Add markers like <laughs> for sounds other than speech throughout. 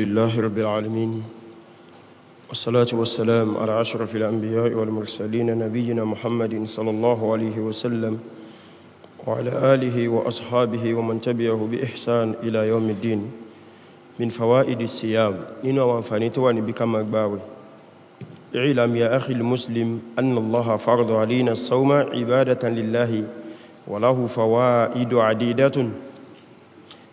لله رب العالمين والصلاة والسلام على أشرف الأنبياء والمرسلين نبينا محمد صلى الله عليه وسلم وعلى آله وأصحابه ومن تبعه بإحسان إلى يوم الدين من فوائد الصيام إن وانفانيتو بكم أكباوي اعلم يا أخي المسلم أن الله فرض علينا الصوم عبادة لله وله فوائد عديدة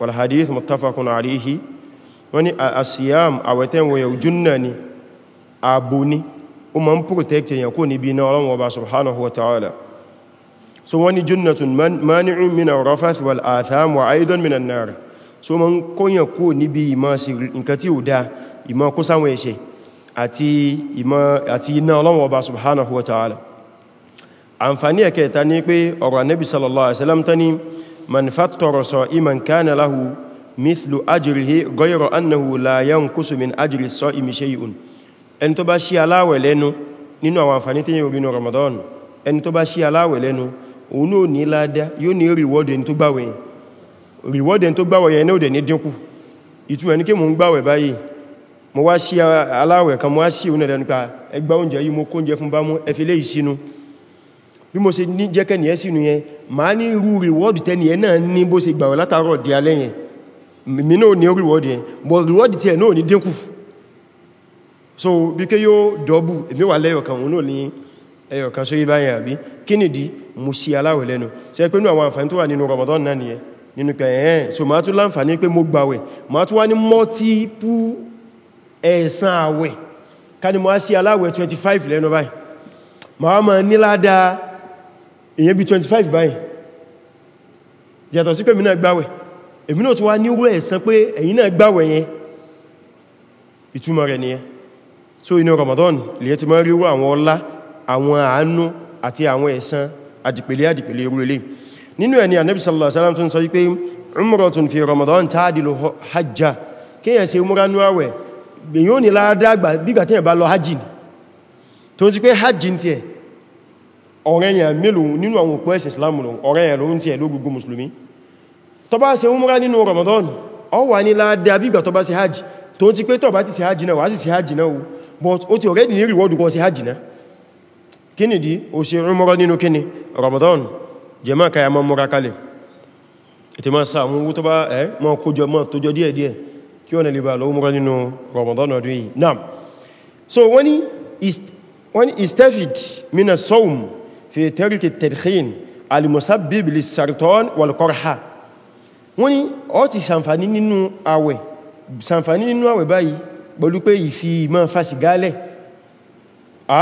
والحديث متفق عليه wọ́n ní asiyam àwẹ̀tẹ́wọ̀ yẹ̀ jùnnà ni ààbò ní o ma ń protect èyàn kó níbi iná ọlọ́run ọba subhanahu wa ta'ala so wọ́n ní jùnnà tún mani'u mina rafath wal atham wa aidan mina nar so ma ń kóyàn kó níbi ìmọ̀ sí nǹkan tí ó dá ìmọ̀ kó sáwọn ẹ̀ṣẹ̀ àti iná ọlọ́run subhanahu wa ta'ala àǹfààní ẹ̀kẹta ní pé ọ̀rọ̀ annabi sallallahu alaihi wasallam ta ni man fattara sa'iman kana lahu mithlu ajrihi ghayra annahu la yanqusu min ajri as-sa'imi shay'un ẹni tó bá ṣí aláwẹ̀ lẹ́nu nínú àwọn àǹfààní tí yóò bínú Ramadan ẹni tó bá ṣí aláwẹ̀ lẹ́nu òun ò ní ládá yóò ní reward ẹni tó gbàwẹ̀ yẹn reward ẹni tó gbàwẹ̀ yẹn ní òdẹ̀ ní dínkù ìtumọ̀ ní kí mo ń gbàwẹ̀ báyìí mo wá ṣí aláwẹ̀ kan mo wá ṣí òun ẹ̀dẹ̀ nípa ẹgbà oúnjẹ yìí mo kóúnjẹ fún bá mú ẹfilé ìsinú bí mo ṣe ní jẹ́kẹ́ ní ẹ́ sínú yẹn ma ní irú reward tẹ́ni ẹ náà ní bó ṣe gbàwẹ̀ látàrọ̀ di alẹ́ yẹn mi náà ní reward yẹn bọ̀ reward tí ẹ náà ní dínkù so bí ké yóò dọ́bù èmi wà lẹ́yọ̀kan òun náà ní ẹyọ̀kan sórí báyẹn àbí kí nìdí mo ṣe aláwẹ̀ lẹ́nu ṣe pé nú àwọn àǹfààní tó wà nínú Ramadan náà nìyẹn nínú pé ẹ̀ẹ́ so ma tún láǹfààní pé mo gbàwẹ̀ ma tún wá ní multiple ẹ̀san àwẹ̀ ká ní mo á sí aláwẹ̀ 25 lẹ́nu báyìí ma wá ma níládáa ìyẹn bí 25 báyìí yàtọ̀ sí pé mi náà gbáwẹ̀ èmi náà tó wá ní wẹ́ ẹ̀sán pé ẹ̀yin náà gbáwẹ̀ yẹn ìtumọ̀ rẹ̀ nìyẹn so inú Ramadan lè ti máa rí wọ́ àwọn ọlá àwọn àánú àti àwọn ẹ̀sán àdìpẹ̀lẹ̀ àdìpẹ̀lẹ̀ irúlé nínú ẹni Ànábì sallallahu alaihi wasallam tún sọ wípé fi Ramadan ta'dilu hajja kéèyàn ṣe umra nú àwẹ̀ gbèyàn ò ní ládàgbà bígbà tí ẹ̀ bá ọ̀rẹ́yàn mélòó nínú àwọn òpó ẹ̀sìn Islamu, lọ ọ̀rẹ́yàn ló ń tí ẹ̀ ló gbogbo mùsùlùmí tó bá ṣe umra nínú Ramadan ọ wà ní láàdá bígbà tó bá ṣe hajj tó ti pé tó bá ti ṣe hajj náà wà sí ṣe hajj náà but ó ti already ní reward kó ṣe hajj náà kí ni dí ó Ramadan jẹ kaya mọ́ múra kalẹ̀ ètè máa sáàmù owó tó bá ẹ́ mọ́ kójọ mọ́ tójọ díẹ̀díẹ̀ kí wọ́n lè bá lọ umra nínú Ramadan ọdún yìí náà so wọ́n mina sawm fi tẹ́ríkì tẹ̀díkín alìmọ̀sábìbìlì sàrìtọ́n wàlùkọ́rọ̀há wọ́n ni ọ ti sàǹfàní nínú àwẹ̀ sàǹfàní nínú àwẹ̀ báyìí pẹ̀lú pé ìfi ìmọ̀ fásigá lẹ̀ a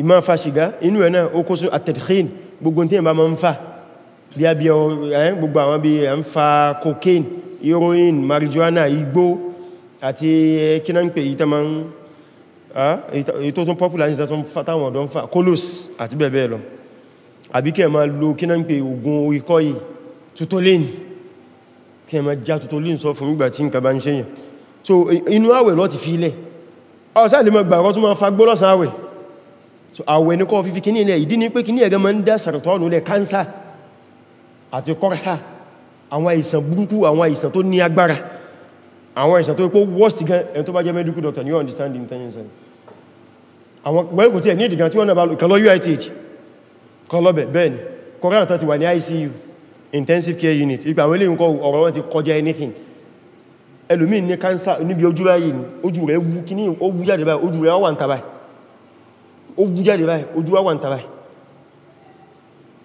ìmọ̀ fásigá inú ẹ̀ náà ó kó sún àtẹ̀díkín gbogbo tí ìbá ma ń fa bí abí gbogbo àwọn bí ẹ̀ ń fa cocaine heroin marijuana igbó àti kí náà ń pè yí popular ní ìsẹ́tún fátáwọn ọ̀dọ́ ń fa colos àti bẹ́ẹ̀ bẹ́ẹ̀ àbíkẹ́ ma lo kí náà ń pè ogun ikọ́ yìí tutolin kí ẹ ma já tutolin sọ fún ìgbà tí nǹkan bá ń ṣe yàn so inú àwẹ̀ lọ ti fi ilẹ̀ ọ̀sá ma mọ̀ gbàrọ́ tó ma fa gbọ́lọ́sàn àwẹ̀ so àwẹ̀ ní kọ́ fífi kí ní ilẹ̀ ìdí ní pé kí ní ẹ̀gẹ́ ma ń dá sàrọ̀tọ́nù lẹ̀ kánsà àti kọ́rá àwọn àìsàn burúkú àwọn àìsàn tó ní doctor you understand the intention àwọn gbẹ́kùn tí ẹ̀ ní ìdìgan tí wọ́n náà bá lọ UITH kọlọ́bẹ̀ bẹ́ẹ̀ni korean tó ti wà ní ICU intensive care unit ipa àwọn eléyìn kọ ọ̀rọ̀ wọn ti kọjá anything ẹlòmí ní cancer níbi ojú báyìí ni ojú rẹ̀ wú kí ní ó wú jáde báyìí ojú rẹ̀ wà ń tàbá ó wú jáde báyìí ojú wà ń tàbá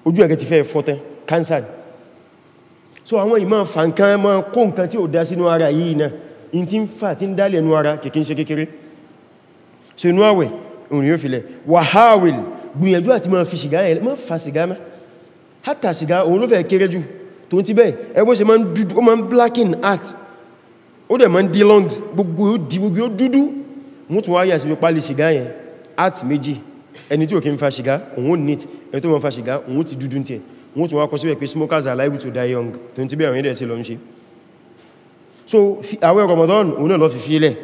ojú ẹ̀kẹ́ ti fẹ́ fọ́tẹ́ cancer so àwọn ìmọ̀ fàǹkan mọ́ kó nǹkan tí ó dá sínú ara yìí náà in ti ń fà tí ń dálẹ̀ nú ara kìkín ṣe kékeré so inú àwẹ̀ òun yóò filẹ̀ wàháwìlì gbìyànjú àti máa fi sìgá ẹ̀ má fa sìgá mẹ́ hátà sìgá òun ló fẹ́ kéré jù tó ń ti bẹ́ẹ̀ ẹgbó ṣe máa ń dúdú ó máa ń blacking art ó dẹ̀ máa ń dí lungs gbogbo ó di gbogbo ó dúdú mú tún wáyà sí pálí sìgá yẹn art méjì ẹni tí ò kí ń fa sìgá òun ò neat ẹni tó máa fa sìgá òun ti dúdú tiẹ̀ wọ́n tún wá kọ síbẹ̀ pé smokers are liable to die young tó ń ti bẹ́ẹ̀ àwọn ẹ̀dẹ̀ sí lọ ń so àwẹ̀ Ramadan òun náà lọ fi fi ilẹ̀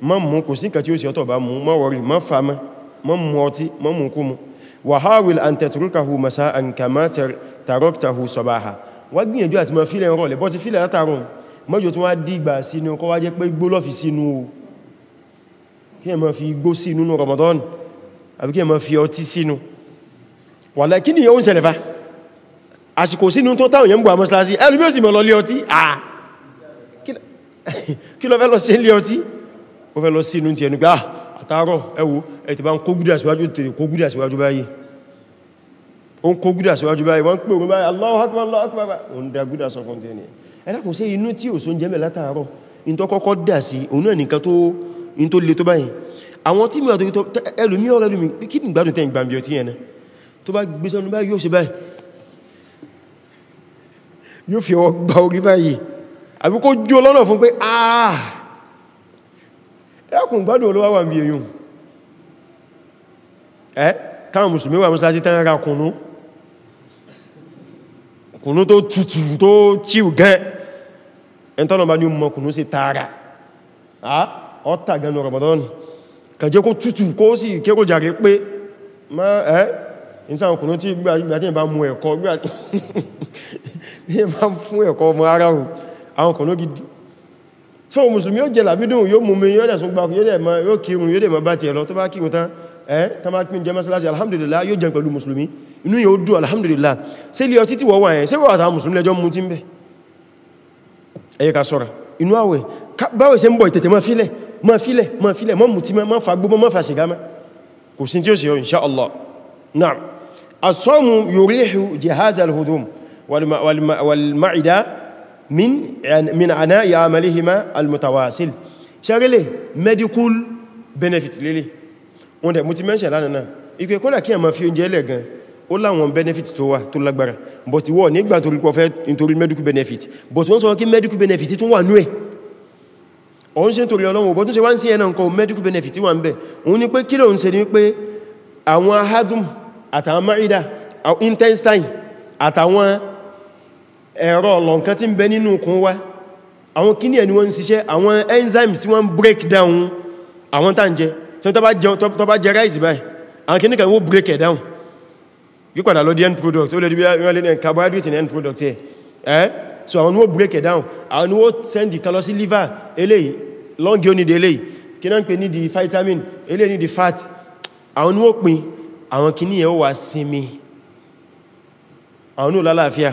má mú kò sí nǹkan tí mọ́ mu ọtí mọ́ mu kúmu wa hawil an tatrukahu sabaha wá gbìyànjú àti mọ́ fílẹ̀ rọ̀lẹ̀ bọ́ ti fílẹ̀ látàrùn mọ́jọ tó wá dìgbà sínú kọ́ wá jẹ́ pé gbó sínú Ramadan àbí kí ẹ má fi ọtí sínú wàlá kí ni yóò ń ṣẹlẹ̀ fa àsìkò sínú tó táwọn yẹn gbà mọ́sílásí ẹlú bí ó sì mọ́ fẹ́ lọ sínú ti ẹnu gbà àtàrọ ẹwò ẹ̀tì bá ń kó gúdà síwájú tèrè kó gúdà síwájú báyìí ó ń kó gúdà síwájú báyìí wọ́n pè òun báyìí Allahu Akbar Allahu Akbar òun da gúdà sọ fún tẹ́ni ẹ̀dàkùn sí inú tí òsó ń jẹ́mẹ̀ látàárọ̀ in tó kọ́kọ́ dà sí òun náà nìkan tó in tó le tó báyìí àwọn tí mi àtòrí ẹlùmí ọ̀rẹ́ lùmí kí ní gbádùn tẹ́ ìgbàmbí ọtí ẹ̀nà tó bá gbé sọ́nú báyìí yóò ṣe báyìí yóò fi ọwọ́ gba orí báyìí àbí kó fún pé aaa ẹkùn gbádùn olówó wà bí èyàn ẹ́ káwọn mùsùlùmí wà mọ́sílá sí tán ra kùnú kùnú tó tutù tó chíù gẹ́ ẹntọ́nà bá ní mọ́ kùnú sí tààrà ọ́tà gẹnu Ramadan kàjẹ́ kó tutù kó sì kékò jàrí pé ma ẹ́ ìsáwọn kùnú tí gbígbà tí ìbá mú ẹ̀kọ́ gbígbà tí ìbá <laughs> fún ẹ̀kọ́ ọmọ ara hù àwọn kùnú gidi so musulmi yóò jẹ làbídùn yóò mú mi yóò dẹ̀ sún gbákù yóò dẹ̀ ma yóò kírun yóò dẹ̀ ma bá ti ẹ̀lọ tó bá kírun tán ẹ́ tán bá pín jẹ mọ́sálásí alhamdulillah yóò jẹ pẹ̀lú musulmi inú yóò dùn alhamdulillah min min ana ya amalihima almutawasil sharele medical benefits lele wọ́n de mo ti mention lana na ipe kódà kí ma fi oúnjẹ le gan ó láwọn benefit tó wà tó lágbára but ìwọ ní gbà torí kò nítorí medical benefits but wọ́n sọ kí medical benefits tún wà nú ẹ̀ ó ń ṣe torí Ọlọ́hun medical benefit wà ńbẹ̀ wọ́n ní pé kí ló ń ṣe ní pé àwọn ahadum ẹ̀rọ ọlọ́nkan tí ń bẹ nínú kún wá àwọn kíní ẹni wọ́n ń ṣiṣẹ́ àwọn enzymes tí wọ́n break down àwọn tàn jẹ tí wọ́n tó jẹ rice báyìí àwọn kíní kan wó break it down yí padà lọ di end product ó lè di bí wọ́n lè carbohydrate ní end product ẹ̀ ẹ́ so àwọn wó break it down àwọn wó send the lọ liver eléyìí long yóò ní di eléyìí kí náà ń pè ní di vitamin eléyìí ní di fat àwọn wó pin àwọn kíní ẹ̀ ó wà sinmi àwọn ní ò lálàáfíà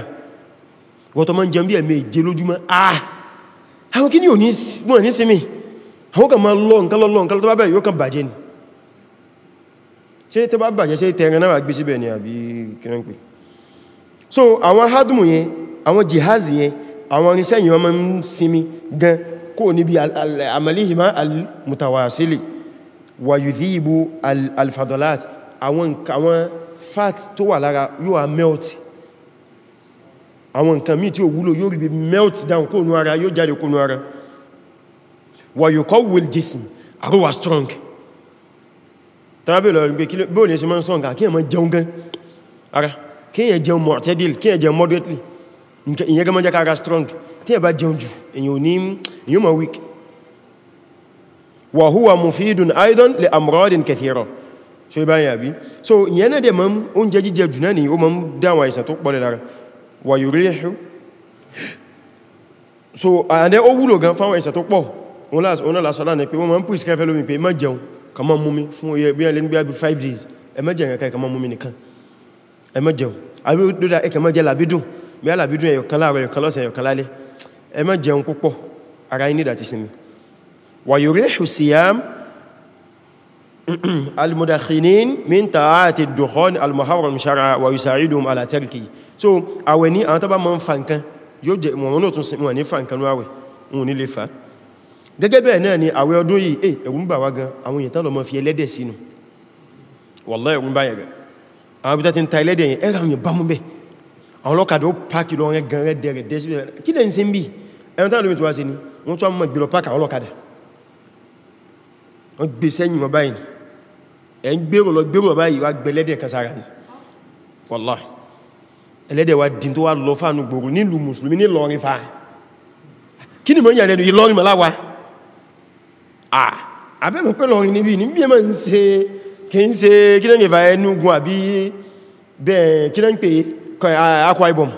wọ́n tó máa ń jẹun bí ẹ̀mẹ́ ìje lójúmọ́ ah àwọn kí ní wọ́n ní sinmi àwọn kan máa lọ nǹkan lọ́lọ́ nǹkan tó bá bẹ̀rẹ̀ yóò kan bàjẹ́ ni ṣe tó bá bàjẹ́ ṣe tẹ̀rin náà gbé síbẹ̀ ni àbí kìrànpẹ̀ so àwọn hadmu yẹn àwọn jihazi yẹn àwọn irinṣẹ́ yìí wọ́n máa ń sinmi gan kó níbi amalihima al-mutawasili wa yudhibu al-fadalat àwọn fat tó wà lára yóò melt àwọn nǹkan míì tí ó wúlò yóò rí melt down kó nú ara yóò jáde kó nú ara wà yóò kọ́ will jason àríwá strong tàbí lọ́rin pé bóò ní ṣe mọ́ strong kí èyàn mọ́ jẹun gan ara kí èyàn jẹun mortadil kí èyàn jẹun moderately ìyẹn gan mọ́ jẹ́ kára strong tí èyàn bá jẹun jù èyàn ò ní èyàn mọ́ weak wà húwà mufidun aidan lè amradin kathira so ìbáyàbí so ìyẹn náà dẹ̀ mọ́ oúnjẹ jíjẹ jù náà ni ó mọ́ dáwọn àìsàn tó pọ̀lẹ̀ lára wà yurihu so and then ó wúlò gan fáwọn ẹ̀ṣẹ̀ tó pọ̀ wọ́n náà lásọ́lá ní pé wọ́n máa ń prescribe lómi pé má jẹun ká má mumi fún oyè bí i lẹ́nu bí i 5 days ẹ má jẹun ẹ̀kẹ́ ká má mumi nìkan ẹ má jẹun àbí dódá ẹ̀kẹ́ má jẹ làbídùn bí i làbídùn ẹ̀yọ̀kan láàrọ̀ ẹ̀yọ̀kan lọ́sẹ̀ ẹ̀yọ̀kan lálẹ́ ẹ má <clears throat> so àwẹ̀ ní àwọn tọ́bá mọ́ ń fa nǹkan yóò jẹ wọn náà tún wọn ní fa nǹkan ní àwẹ̀ wọn ní lè fa gẹ́gẹ́ bẹ́ẹ̀ náà ni àwẹ̀ ọdún yìí eh ẹ̀rù ń bà wá gan àwọn èèyàn tán lọ mọ́ fi ẹlẹ́dẹ̀ sínú wallahi ẹ̀rù ń bà yẹn gan àwọn ibi tán ta ẹlẹ́dẹ̀ yẹn ẹ̀rù àwọn bá mú bẹ́ àwọn ọlọ́kadà ó páàkì lọ rẹ gan rẹ́dẹ̀ rẹ̀ dẹ́sí kí lẹ́yìn sí ń bì ẹ̀rù tán lómi tó wá sí ni wọ́n tún mọ̀ gbèrò páàkì àwọn ọlọ́kadà wọ́n gbé sẹ́yìn wọn báyìí ẹ̀ ń gbèrò lọ gbèrò báyìí wá gbẹlẹ́dẹ̀ kan sára ni wallahi ẹlẹ́dẹ̀ wa dín tó wá lọ fánú gbòrò nílùú mùsùlùmí ní lọrin fa kí ni mọ́ yà lẹ́nu ìlọrin màláwà àbẹ́mọ̀ pẹ́ lọrin níbi níbi ẹmọ́ ń ṣe kí ń ṣe kí lẹ́n ìfà ẹnugun àbí bẹ́ẹ̀ kí lẹ́n pè Akwa Ibom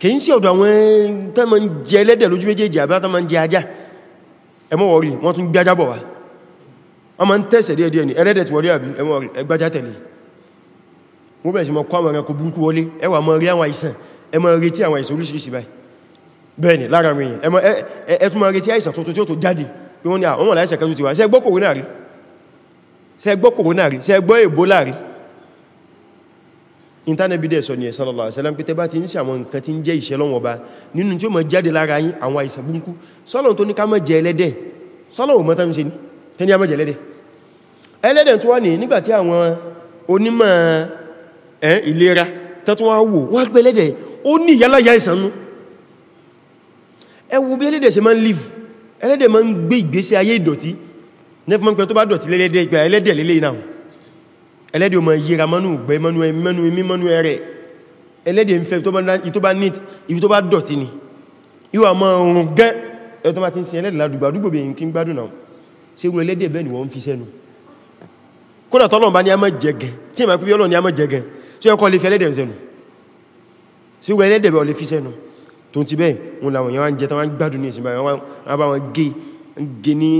kì ń ṣe ọ̀dọ̀ àwọn tẹ́mọ̀ ń jẹ ẹlẹ́dẹ̀ lójú méjèèjì àbí ni ẹlẹ́dẹ̀ ti wọlé àbí ẹmọ́ ẹgbájá wọ́n bẹ̀rẹ̀ sí mọ́ kọ́ àwọn ẹranko burúkú wọlé ẹ wá máa rí àwọn àìsàn ẹ máa retí àwọn àìsàn oríṣiríṣi báyìí bẹ́ẹ̀ ni lára mi ẹ tún máa retí àìsàn tuntun tí ó tó jáde pé wọ́n ni àwọn ọmọ láìsàn kẹtù ti wá ṣé gbọ́ corona rí ni ẹ̀ sallallahu alaihi wasallam pé tẹ́ bá ti ń ṣe àwọn nǹkan tí ń jẹ́ ìṣẹ́ lọ́wọ́ ọba nínú tí ó ẹlẹ́dẹ̀ tó wà ní nígbàtí àwọn onímọ̀ ìlera tẹ́tún wá wò wọ́n gbé ẹlẹ́dẹ̀ ó ní ìyálàyà ìsànú ẹ wo bí ẹlẹ́dẹ̀ ṣe máa ń live ẹlẹ́dẹ̀ máa ń gbé ìgbésí ayé ìdọ̀tí nẹ́fẹ́mọ́pẹ́ tó bá dọ̀tí lẹ́lẹ́dẹ̀ ìgbà ẹlẹ́dẹ̀ lélẹ́ ìnáà ẹlẹ́dẹ̀ o máa yíra mọ́nú ìgbẹ́ mọ́nú ẹmẹ́nu ẹmí mọ́nú ẹrẹ ẹlẹ́dẹ̀ ń fẹ́ ìtó bá neat ibi tó bá dọ̀tí ni yíò àmọ́ ọrùn gẹ́ ẹ̀ tó bá ti ń sin ẹlẹ́dẹ̀ ládùgbà àdúgbò bèyìn kí ń gbádùn náà ṣe gbogbo ẹlẹ́dẹ̀ bẹ́ẹ̀ ni wọ́n fi sẹ́nu kódà tọ́lọ̀ bá ní a mọ́ jẹ́gẹ̀ tí ìmọ̀ pípẹ́ ọlọ́ ni a mọ́ jẹ́gẹ̀ tí ọkọ̀ lè fi ẹlẹ́dẹ̀ sẹ́nu sí wọ ẹlẹ́dẹ̀ bẹ̀ ọ lè fi sẹ́nu tó ti bẹ́ẹ̀ wọn làwọn yẹn wá ń jẹ táwọn gbádùn ní ìsìn báyìí wọ́n bá wọn gé gé ní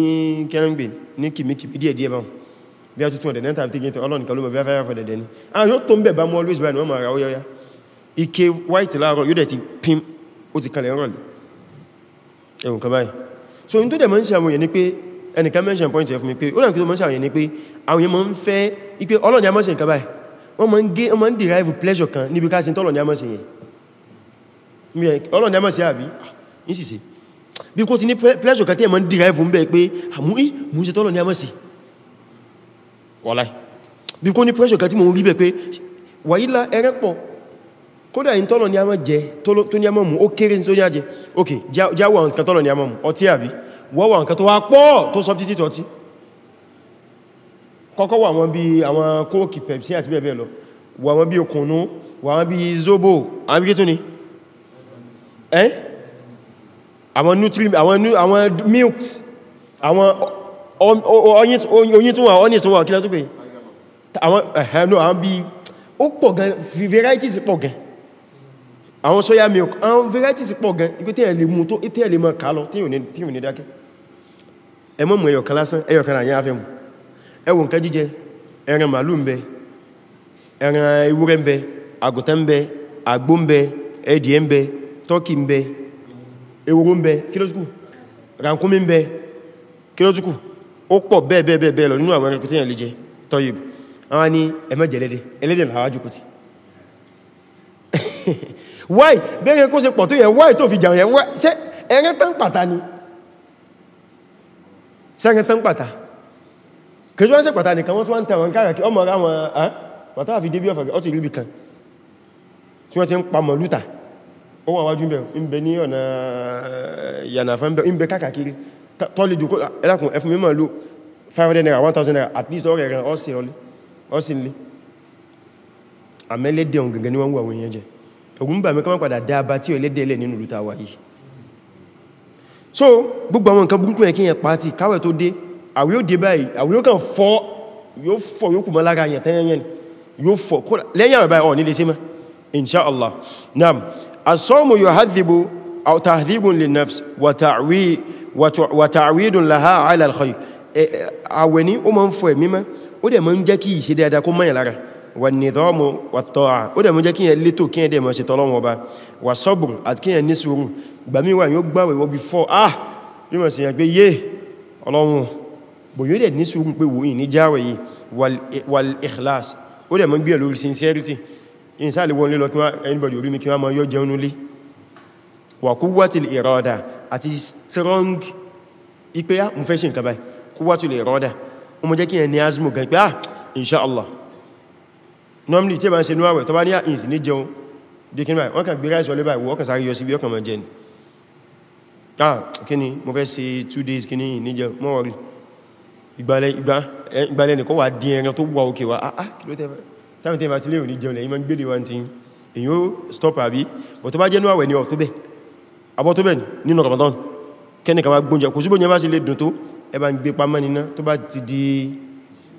kẹrìngbè ní kìmíkìmí díẹ̀ díẹ̀ báwọn bí a tuntun ọ̀dẹ̀ náà tàbí tẹ́gẹ́ ọlọ́run kan ló mọ̀ bí a fẹ́ fẹ́ dẹ̀dẹ̀ ni àwọn yóò tó ń bẹ̀ bá mú always báyìí wọ́n máa ra ọyọ́yá ike white láàárọ̀ yóò dẹ̀ ti pín ó ti kalẹ̀ so in tó dẹ̀ mọ́ ń ṣe àwọn èèyàn ni pé ẹnìkan mention point ẹ̀ fún mi pé ó dẹ̀ kí tó mọ́ ń ṣe àwọn èèyàn ni pé àwọn èèyàn mọ́ ń fẹ́ ipé ọlọ́run ya mọ́ ṣe nǹkan báyìí wọ́n máa ń gé wọ́n máa ń derive pleasure kan níbi ká sin tọ́lọ̀ ní àmọ́ sí yẹn ọlọ́ni àmọ́ sí àbí ah, ní sì sí bí kó ti ah, ní pleasure kan tí ẹ̀ máa ń derive ń bẹ́ pé àmúí mú sí tọ́lọ̀ ní àmọ́ sí wàláì bí kó ní pleasure kan tí mo rí bẹ́ pé wàílá ẹrẹ́ pọ̀ kódà yí tọ́lọ̀ ní àmọ́ jẹ tó ní àmọ́ mú ó kéré tó ní àjẹ ok jáwọ́ àwọn kan tọ́lọ̀ ní àmọ́ mú ọtí àbí wọ́wọ́ àwọn kan tó wá pọ̀ tó substitute ọtí kọ́kọ́ wà wọn bí àwọn kóòkì pepsi àti bẹ́ẹ̀ bẹ́ẹ̀ lọ wà wọn bí okùnú wà wọn bí zobo àwọn bí kí tó ní ẹ́ àwọn nutrient àwọn milks àwọn oyin tún wà ọ́nì tún wà kí látún pé àwọn ẹ̀hẹ́nú àwọn bí ó pọ̀ gan varieties pọ̀ gan àwọn soya milk àwọn varieties pọ̀ gan ikú tí ẹ̀ lè mú tó tí ẹ̀ lè mọ́ kálọ tí yóò ní dákẹ́ ẹmọ́ mú ẹyọ̀kan lásán ẹyọ̀kan àyẹ́ afẹ́ mú ẹwọ nǹkan jíjẹ ẹran màálù ń bẹ ẹran ewúrẹ́ ń bẹ àgùntàn ń bẹ àgbò ń bẹ ẹdìẹ ń bẹ tọ́kì ń bẹ ehoro ń bẹ kílótùkù ràkúnmí ń bẹ kílótùkù ó pọ̀ bẹ́ẹ̀bẹ́ẹ̀bẹ́ẹ̀ lọ nínú àwọn ẹranko <laughs> why bẹ́ẹ̀rẹ̀ kó ṣe pọ̀ tó why kejì wọ́n sí pàtà nìkan wọ́n tún wá ń tàwọn káàkiri ọmọ ara wọn àá pàtà fi débí ọ̀fà ọ̀tí ìrìbì kan tí wọ́n ti ń pa mọ̀lúta ó wà wájú ń ní ọ̀nà yànàfà ń bẹ káàkiri tọ́lì àwí ó dé báyìí àwí ó kàn fọ́ yóò fọ́ yóò kù mọ́ lára yẹn tẹ́yẹnyẹn yóò fọ́ lẹ́yìn àwẹ̀ báyìí ọ̀ nílé sí mọ́ inṣáàlá naam asọ́mù yóò hadhibu aw tahdhibun lin nafs wa ta'widun laha ala al-khayr àwẹ̀ ní ó máa ń fọ́ ẹ̀mí mọ́ ó dẹ̀ máa ń jẹ́ kí ìṣe dáadáa kó mọ́yàn lára wà nìdọ́ọ̀mù wà tọ́ra ó dẹ̀ mú jẹ́ kí yẹn létò kí yẹn dẹ̀ mọ̀ sí tọ́lọ́wọ́ ọba wà sọ́bùn àti kí yẹn ní sùúrù gbàmíwà yóò gbàwẹ̀ wọ́bí fọ́ ah yíò mọ̀ sí yẹn pé ọlọ́run bò yóò dẹ̀ ní sùúrù pé wòyìn ní jáwẹ̀ yìí wal ikhlas ó dẹ̀ mọ́ gbé lórí sincerity in sáà lè wọ́n lé lọ kí wọ́n anybody orí mi kí wọ́n mọ́ yọ jẹun lé wà quwwatul irada àti strong ipé á ah, mú fẹ́ ṣe nǹkan báyìí quwwatul irada ó mọ́ jẹ́ kí ẹni azmo gan pé ah inshallah normally tí ẹ bá ń ṣe ní àwẹ̀ tó bá ní àìsí ah, ní jẹun dikin báyìí wọ́n kàn gbé ráìsì ọlé báyìí wọ́n kàn sáré yọ sí bí ọkàn ah kíni mo fẹ́ ṣe two days kíní ní mọ́ wọ́rí ìgbàlẹ̀ nìkan wà dín ẹran tó wà òkè wà áá ah, ah, kí ló tẹ́fẹ́ táwọn tẹ́fẹ́ àti léèrò ní jẹun lẹ́yìn ma ń gbélé wa ti èyí ó stop àbí bọ̀ tó bá jẹ́ níwàwẹ̀ ní ọ̀tọ́bẹ̀ abọ́tọ́bẹ̀ nínú Ramadan kẹ́nìkan wá gbóúnjẹ kò síbò yẹn bá sì lè dùn tó ẹ bá ń gbé pamọ́ níná tó bá ti di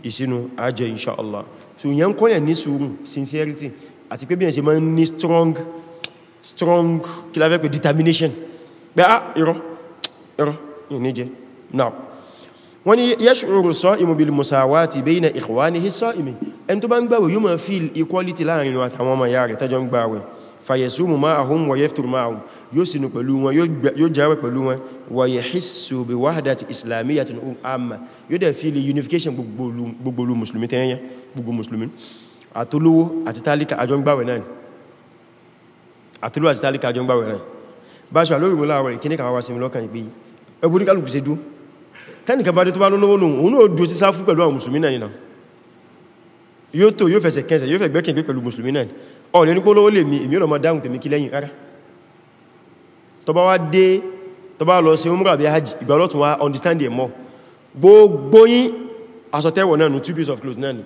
ìsinú ajẹ́ inshallah so yẹn ń kọ́yẹ̀ ní sùúrù sincerity àti pé bí yẹn ṣe máa ń strong strong kí la fẹ́ pé determination pé á ah, irọ́ irọ́ ìníjẹ now wọ́n ni yash'uru sa'imu bil musawati bayna ikhwanihi as-sa'imin ẹni tó bá ń gbàwẹ̀ yóò máa feel equality láàrin wọn àtàwọn ọmọ ìyá rẹ̀ tẹ́jọ ń gbàwẹ̀ fayasumu ma'ahum wa yaftur ma'ahum yóò sinú pẹ̀lú wọn yóò jáwẹ̀ pẹ̀lú wọn wa yahissu bi wahdati islamiyyatin amma yóò dẹ̀ feel unification gbogbo mùsùlùmí tẹ́yẹn gbogbo mùsùlùmí àtolówó àti tálíkà àjọ ń gbàwẹ̀ náà àtolówó àti tálíkà àjọ ń gbàwẹ̀ náà bá ṣe àlórí mú láàrọ̀ ìkíníkà wá sí mi lọ́kàn ìgbé ẹbùn ní kálùkù ṣe dúó tẹ́nìkan bá dé tó bá lólówó lòun òun náà dúró sí sáfú pẹ̀lú àwọn mùsùlùmí náà nìna yóò tó yóò fẹsẹ̀ kẹsẹ̀ yóò fẹ́ gbẹ́kẹ̀ pé pẹ̀lú mùsùlùmí náà ọ̀lẹ́ ní pólówó lè mi èmi ọ̀rọ̀ mọ́ dáhùn tèmi kí lẹ́yìn rárá tó bá wá dé tó bá understand more gbogbo yín asọ̀tẹ́wọ̀ náà nù two pieces of clothes náà nì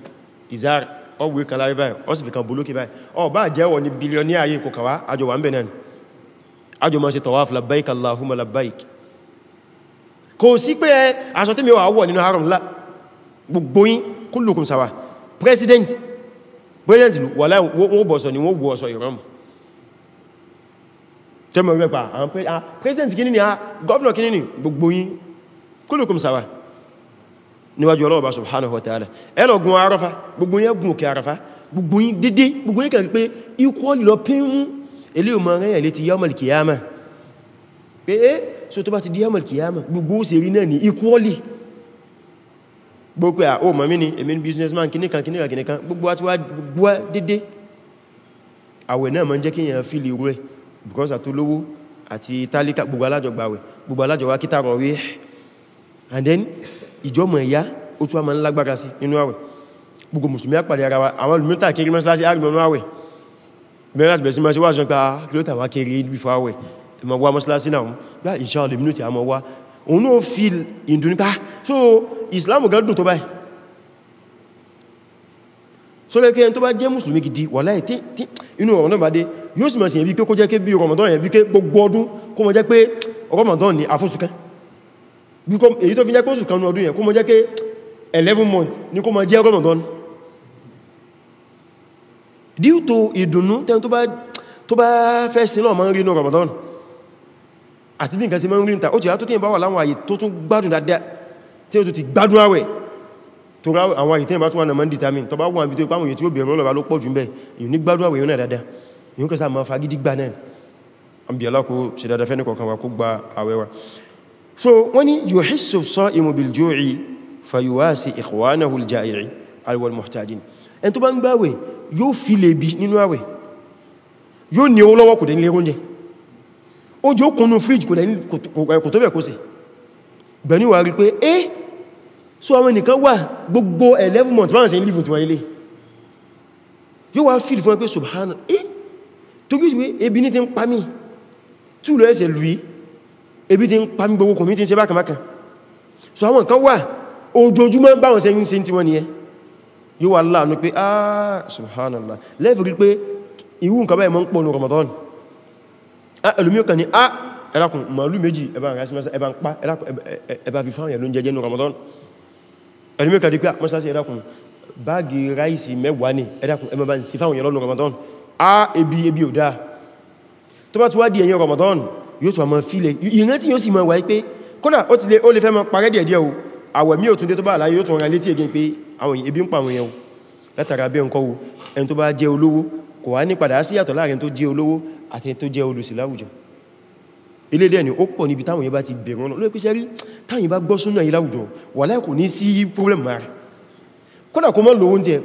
ìzár ọgbẹ̀ kan lárí báyìí ọ sì fi kan bolókè báyìí ọ bá jẹ́wọ̀ ní bílíọ̀ní ayé kòkàwá àjọ wà ń bẹ̀ náà kò sí pé aṣọ tí mi wà wọ̀ nínú haram lá gbogbo yín kullukum sawa president president ìlú wà láì wọ́n ni wọ́n wọ́ ọ̀sọ̀ ìrọ̀mù tẹ́mọ̀ rẹpa àwọn ah, president kí ní ah, gọ́ọ̀nà kí ní gbogbo yín kullukum sawa níwájú ọlọ́ọ̀bá subhanahu wa arafa gbogbo yín gùn arafa gbogbo yín dédé gbogbo yín kẹrì pé ikú ọlọ́ pín mú ilé ìmọ̀ so to bá ti di yamal kiyama gbogbo ṣe rí náà ní equally gbogbo à o mọ̀mí ni èmi businessman kìníkan kìníkan kìníkan gbogbo àti wá dédé àwẹ̀ náà máa ń jẹ́ kí èèyàn feel irú ẹ̀ because àtolówó àti tálíkà gbogbo alájọgbàwẹ̀ gbogbo alájọwà kí tààrọ̀ rí ẹ̀ and then ìjọmọ̀ ìyá ó tún wá máa ń lágbára sí nínú àwẹ̀ gbogbo mùsùlùmí àpàdé ara wa àwọn olùmítà kiri mọ́sílásí àgbẹ̀mọ́ àwẹ̀ bẹ́ẹ̀ láti bẹ̀ẹ̀ sí mọ́síwáṣọ́ pa kìlótà wá kiri before àwẹ̀ ma wá mọ́sílásí náà gbá ìṣàlẹ̀ mínú ti a mọ́ wá òun náà fi ìdù nípa ah, so islamu gan dùn tó báyìí so lẹ́kẹ́ ẹni tó bá jẹ́ mùsùlùmí gidi wàláhì tí inú Ramadan bá dé yóò sì mẹ́sìn ẹ̀bí pé kó jẹ́ pé bí Ramadan yẹn bí pé gbogbo ọdún kó mọ́ jẹ́ pé Ramadan ni àfúnsùkán èyí tó fi jẹ́ pé oṣù kan ọdún yẹn kó mọ́ jẹ́ pé 11 months ni kó mọ́ jẹ́ Ramadan due to ìdùnnú tẹ́ni tó bá fẹ́ sí lọ́ọ̀ mọ́ rí inú Ramadan àti bí nǹkan ṣe mẹ́rin ríta ó ti àtútí ìbáwà láwọn àyè tó tún gbádùn dáadáa tí ó ti gbádùn àwẹ̀ tó rá àwọn àyè tẹ́yìnbá tún wà náà mọ́ determine tó bá àbí tó pàwọn èyí tí ó bẹ̀rẹ̀ ọlọ́rọ̀ ló pọ̀ jù mẹ́ yóò so wọ́n ní yuhissu as-sa'imu bil-ju'i fayuwasi ikhwanahu al wal-muhtajin ẹni tó bá ń gbáwẹ̀ yóò fi lè bí nínú àwẹ̀ yóò ní owó lọ́wọ́ kò dẹ̀ ní lérúnjẹ́ ó jẹ́ òkúnnú fridge kò tó bẹ̀ kó sí bẹ̀ni wà rí pé eh so àwọn ènìyàn wà gbogbo 11 months báwọn sí ilé-ìfún tí wọ́n ilé yóò wá fíìlì fún ẹgbẹ́ subhana eh tó kí wé ebi ní ti ń pami túlọ ẹsẹ̀ lùí ebi ti ń pami gbogbo kòmí ti ń ṣe bákàmákà so àwọn nǹkan wà ojoojúmọ́ báwọn ni ẹ yóò wà láàánú pé ah subhanallah lẹ́fì rí pé ìwú nǹkan báyìí mọ́ ń pọ̀ ní Ramadan Ah, ẹlòmí ọkàn ni ah ẹlákùn màálù méjì ẹbá ń rásímọ́sá ẹbá ń pa ẹbá fi fáwọn ẹ̀lú jẹjẹ ní Ramadan ẹlòmí ọkàn di pé ah, mọ́sálásí ẹlákùn báàgì ráìsì mẹ́wàá ní ẹlákùn ẹmọ́ bá ń sí fáwọn ẹ̀lú Ramadan ah ebi ebi ò dáa tó bá tún wá di ẹ̀yìn Ramadan yóò tún àmọ́ fílẹ̀ ìrántí yóò sì mọ̀ wáyé pé kódà ó ti lè ó lè fẹ́ mọ́ parẹ́ díẹ̀ díẹ̀ o àwẹ̀ mí ò tún dé tó bá àlàyé yóò tún ra létí egin pé àwọn ebi ń pa àwọn èèyàn látara bẹ́ẹ̀ ń kọ́wọ́ ẹni tó bá jẹ́ olówó kò wá ní padà sí yàtọ̀ láàrin tó jẹ́ olówó àti tó jẹ́ olùsì láwùjọ ilé dẹ̀ ni ó pọ̀ níbi táwọn yẹn bá ti bẹ̀rẹ̀ ọ̀nà lórí pẹ́sẹ́rí táwọn bá gbọ́ súnà yìí láwùjọ wà láì kò ní sí problem mara kódà kó mọ́ lòun tiẹ̀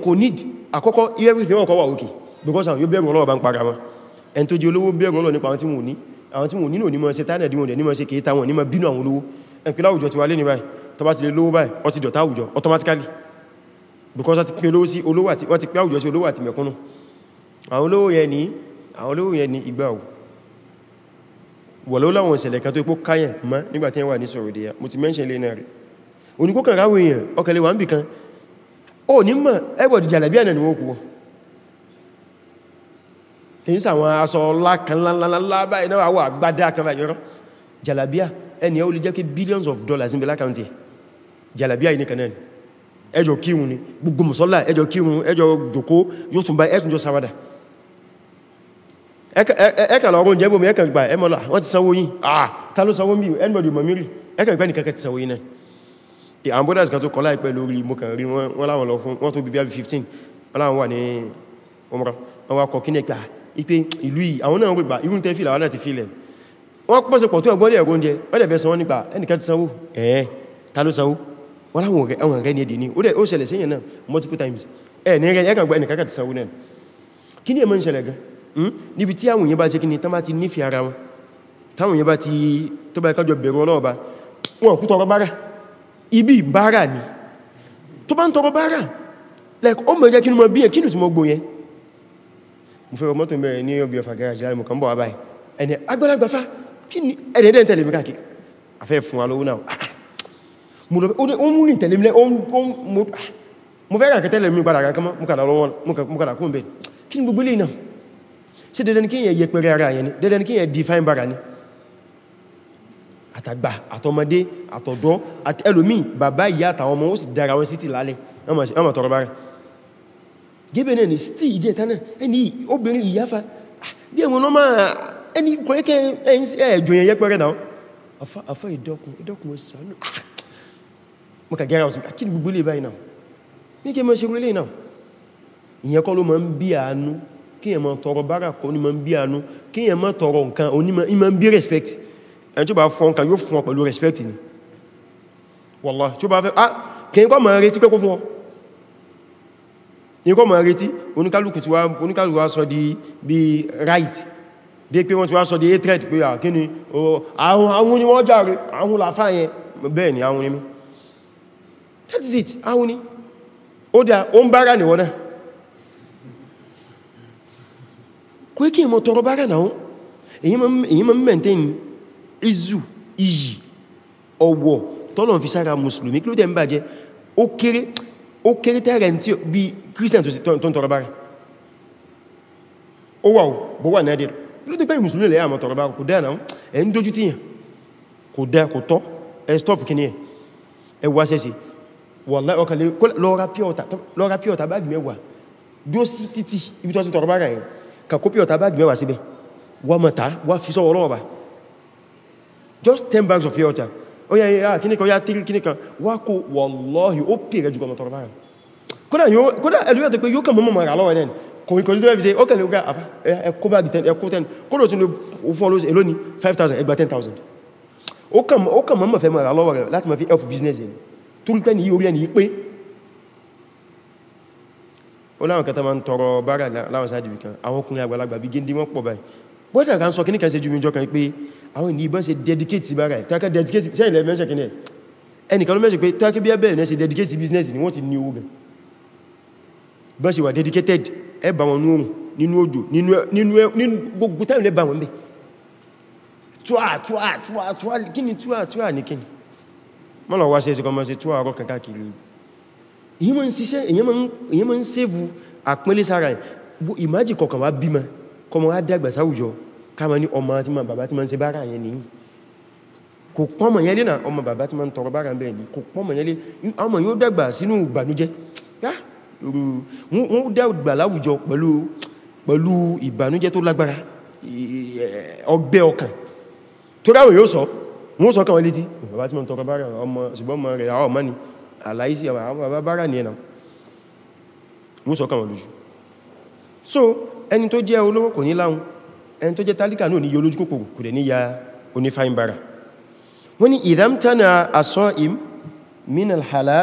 everything wọn kọ́ wà because àwọn yóò bẹ̀rẹ̀ ọlọ́wọ́ bá ń para wọn ẹni tó jẹ́ olówó bẹ̀rẹ̀ ọlọ́ nípa àwọn tí wọn ní àwọn tí wọn nínú onímọ̀ ṣe tánà díwọn onímọ̀ ṣe kìí táwọn onímọ̀ bínú àwọn olówó ti wà lé ní báyìí tó bá ti lè lówó báyìí automatically because wọ́n ti pín olówó sí olówó àti wọ́n ti pín àwùjọ àwọn olówó yẹn ni ìgbà ò wọ̀ló láwọn ìṣẹ̀lẹ̀ kan tó ipò káyẹ̀ mọ́ nígbàtí wà ní sọ̀rọ̀díyà mo ti mention lé náà rí oníkókàn ráwọ̀ èèyàn ọkẹ̀lẹ̀ wà ń bì kan ó ní mọ̀ ẹgbọ̀dì jàlẹ̀bí ẹ̀nà ni wọ́n kú kìí sàwọn jàlàbíà ẹni ó of dollars níbi lákàntì jàlàbíà yìí nìkan náà ẹjọ́ kírun ni gbogbo mùsọ́lá ẹjọ́ kírun ẹjọ́ jòkó yóò tún bá sáwádà ẹkà lọ́rún jẹ́ gbòmí ẹkà gbà ẹmọ́lá wọ́n ti sanwó yìí àà ta ló sanwó mìí anybody mọ̀ mìírì ẹkà ìgbẹ́ nìkẹ́kẹ́ ti sanwó yìí náà àwọn brothers kan tó kọ́ láìpẹ́ lórí mo kàn rí wọ́n láwọn lọ fún wọ́n tó bí bí 15 wọ́n láwọn wà ní ọmọrọ̀ wọ́n wá kọ̀ kí ní pé ìlú yìí àwọn náà gbà irú tẹ́ fìlà wọ́n láti fìlẹ̀ wọ́n pọ̀ sí pọ̀ tó multiple times ẹ̀ ní ẹ̀kàgbọ́ ẹnìkan ti sanwó náà kí ni ẹ̀mọ́ ń gan Hmm? níbi tí àwọn èèyàn bá ṣe kí ni tán bá ti nífẹ̀ẹ́ ara wọn táwọn èèyàn bá ti tó bá kájọ bẹ̀rù Ọlọ́run bá wọn kú tọrọ bára ibi bára ni tó bá ń tọrọ bára like o mẹ́jẹ́ kí ni mo bí ẹ̀ kí ni mo gbò yẹn mo fẹ́ mọ́tò mẹ́rẹ̀ ní ọbí ọfà gẹ́rẹ́ jẹ́ mọ̀kàn bọ̀ wá báyìí ẹni agbálagbàfá kí ni ẹ̀dẹ̀dẹ̀ tẹ̀lé mi káàkiri afẹ́ fún wa lówó náà ah, ah. ó mú ní tẹ̀lé ah. mo fẹ́ rà kẹ́tẹ́lẹ̀ mi padà kankan mọ́ mo kàdà kún bẹ́ẹ̀ kí ni gbogbo lè náà ṣe dandan kí yẹn yẹpẹrẹ ara yẹn ni dandan kí yẹn define bara ni àtàgbà àtọmọdé àtọ̀dọ́ àti ẹlòmí bàbá ìyá àtàwọn ọmọ ó sì dára wọn sí ti lálẹ́ ọmọ tọrọ bára gẹ́bẹ̀ náà ni stí ìjẹ́ tánà ẹni obìnrin ìyáfa ah, bí ẹ̀wọ̀n náà ẹni ah, kọ̀ẹ́kẹ́ ni gbogbo ilé báyìí náà ní kí ló mọ́ ń bí àánú kíyàn mọ́ tọrọ báràkọ onímọ̀ ń bí àánú kíyàn mọ́ tọrọ nǹkan onímọ̀ ìmọ̀ ń bí respect ẹni tó bá fún ọkàn yóò fún ọ pẹ̀lú respect ni wallahi tó bá fẹ́ ah kìí kọ́ mọ̀ retí pẹ́kọ́ fún ọ ní kọ́ mọ̀ retí oníkálùkù tí oníkálùkù wá sọ di bí right dé pé wọ́n ti wá sọ di hatred pé àkíní ah, àwọn ni wọ́n jàre àwọn làfá yẹn bẹ́ẹ̀ ni àwọn ni mi that is it àwọn ni ó dá ó ń bára nìwọ́n náà kò kí ìmọ̀ tọrọ bára náà èyí ma ń mẹ́ntẹ́yìn izu iyì ọ̀wọ̀ tọ́lọ̀ fi sára mùsùlùmí kí ló tẹ́ ń bàjẹ́ ó kéré ó kéré tẹ́rẹ̀ tí bí christian tó sì tó ń tọrọ bára ó wà bọ́ wà náàdìr ló tẹ́ pẹ́ mùsùlùmí lẹ́yà àmọ́ tọrọ bára kò dáa náà ẹ̀ ń dójú tíyàn kò dáa kò tọ́ ẹ stop kí ni ẹ ẹ wá sẹ́sì wàlá ọkàlẹ́ lọ́ra pure water báàgì mẹ́wàá dó sí títì ibi tó ti tọrọ bára yẹn kàkópí ọ̀tà báàgì mẹ́wàá síbẹ̀ wà mọ̀ta wà fi sọ́wọ́ ọlọ́ọ̀bà just 10 bags of water ó yá yá kíníkan yá tírí kíníkan wà kó wallahi ó pè rẹ̀ jùgbọ́ mọ̀tọ̀rọ̀ báyìí kódà ẹlú yàtọ̀ pé yóò kàn mọ́ mọ̀ra lọ́wọ́ ẹ̀nẹ́ni kò ní kòjú tó fi ṣe ó kẹ̀lẹ̀ ọgá ẹkó báàgì 10 ẹkó 10 kódò tí ó fún ọlọ́sẹ̀ èlò ní 5,000 ẹgbà 10,000 ó kàn mọ́ mọ̀ fẹ́ mọ̀ra lọ́wọ́ rẹ̀ láti mọ̀ fi help business ẹ̀ torípẹ́ ni yí orí ẹni yí pé ó láwọn kan tó máa ń tọrọ bára láwọn sáájú kan àwọn ọkùnrin àgbàlagbà bí géńdé wọ́n pọ̀ báyìí bọ́dà kan sọ kíníkà ṣe ju mìíjọ kan pé àwọn ènìyàn ìbọn ṣe dedicate bára ẹ̀ tàkà dedicate sẹ́yìn lẹ́ mẹ́ṣẹ̀ kíní ẹ̀ ẹnìkan business ni wọ́n ti ní owó gan bọ́ dedicated ẹ bá wọn nú oòrùn nínú òjò nínú gbogbo táìmù lẹ́ bá wọn bẹ̀ túà túà túà túà kíni túà túà ní kíni mọ́lọ̀ wá sí ẹsẹ̀ kan mọ́ sí túà ọ̀rọ̀ kankan kiri èyí mọ́ ń ṣiṣẹ́ èyí mọ́ ń sèvù àpínlẹ̀ sára ìmájì kọkàn wá bímọ kọmọ àdàgbà sáwùjọ káàmà ní ọmọ tí ma bàbá tí ma ń ṣe bára yẹn nìyí kò pọ́mọ̀ yẹn lé náà ọmọ bàbá tí ma ń tọrọ bára bẹ́ẹ̀ ni kò pọ́mọ̀ yẹn lé ọmọ yóò dàgbà sínú ìbànújẹ́ wọ́n dàgbà láwùjọ pẹ̀lú ìbànújẹ́ tó lágbára ọgbẹ́ ọkàn tó ráwẹ̀ yóò sọ wọ́n sọ kàwọn létí bàbá tí ma ń tọrọ bára ọmọ ṣùgbọ́n ọmọ rẹ̀ àwọn ọmọ àláìsí àwọn àbábára ní ẹ̀nà mú sọ kàwọn lójú so ẹni tó jẹ́ olówó kò ní láhun ẹni tó jẹ́ tálíkà náà ní yí olójú kòkòrò kò dẹ̀ ní ya onífàín bára wọ́n ni ìdámtánà asọ́ im minal hala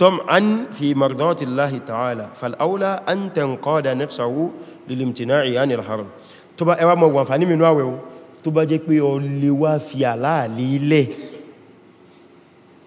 tom'an fi mardatillahi ta'ala fal'aula an tanqada nafsahu lilimtina'i anil haram tó bá ẹwà mọ̀ wọ̀nfà fi àláàlì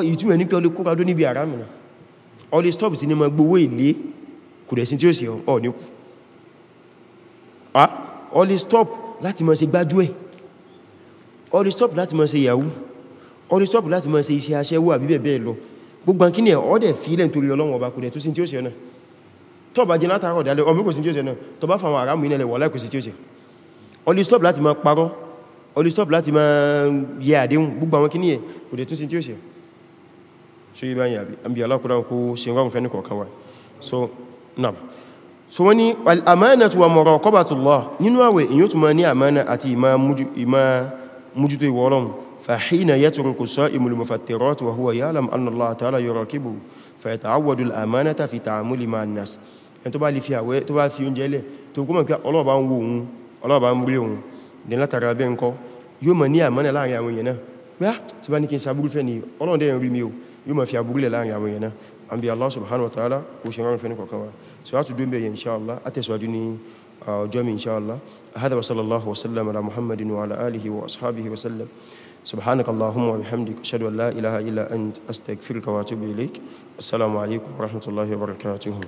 ìtumẹ̀ ní pé ọlé kóradó níbi àrámìnà ọlé stop sí ní ma gbówó ilé kò dẹ̀ sí tí ó sì ọ̀ ní kú ah, ọlé stop láti ma ṣe gbájú ẹ̀ ọlé stop láti ma ṣe yahoo ọlé stop láti ma ṣe iṣẹ́ aṣẹ́wó àbí bẹ́ẹ̀ bẹ́ẹ̀ lọ gbogbo kí ni ẹ̀ ọ́dẹ̀ fílẹ̀ nítorí ọlọ́run ọba kò dẹ̀ tó sí tí ó sì ọ̀nà tó bá jẹ látàrọ̀ dálẹ̀ ọmọ kò sí tí ó sì ọ̀nà tó bá fàwọn àrámù ilẹ̀ wọ̀ láìkò sí tí ó sì ọlé stop láti ma parọ́ ọlé stop láti ma yẹ àdéhùn gbogbo àwọn kí ni ẹ̀ kò dẹ̀ tó sí tí ó sì ọ̀nà so yi bayan yabi an biya lakudan ko shinron fẹ́ ní kọ̀ọ̀kan wa so naam so wani al'amanatu wa muraqabatullah nínú àwẹ̀ èyí tó ma ní àmánà àti ìmá mújútó ìwọ̀lọ́m fàhína yẹ turin kò sọ ìmúlù mafattirot wa huwa ya'lam anna Allah ta'ala yuraqibu fa yata'awwadu al'amanata fi ta'amuli ma nas ẹni tó bá lè fi àwẹ̀ tó bá fi oúnjẹ lẹ̀ tó يوم في أبو غلي لان يامو ينا أمبي الله سبحانه وتعالى وشمع من فينك سواء تدوم بي إن شاء الله أتسوى دوني جامي إن شاء الله هذا وصلى الله وسلم على محمد وعلى آله وأصحابه وسلم سبحانك اللهم وبحمدك أشهد لا إله إلا أنت أستغفرك وأتوب إليك السلام عليكم ورحمة الله وبركاته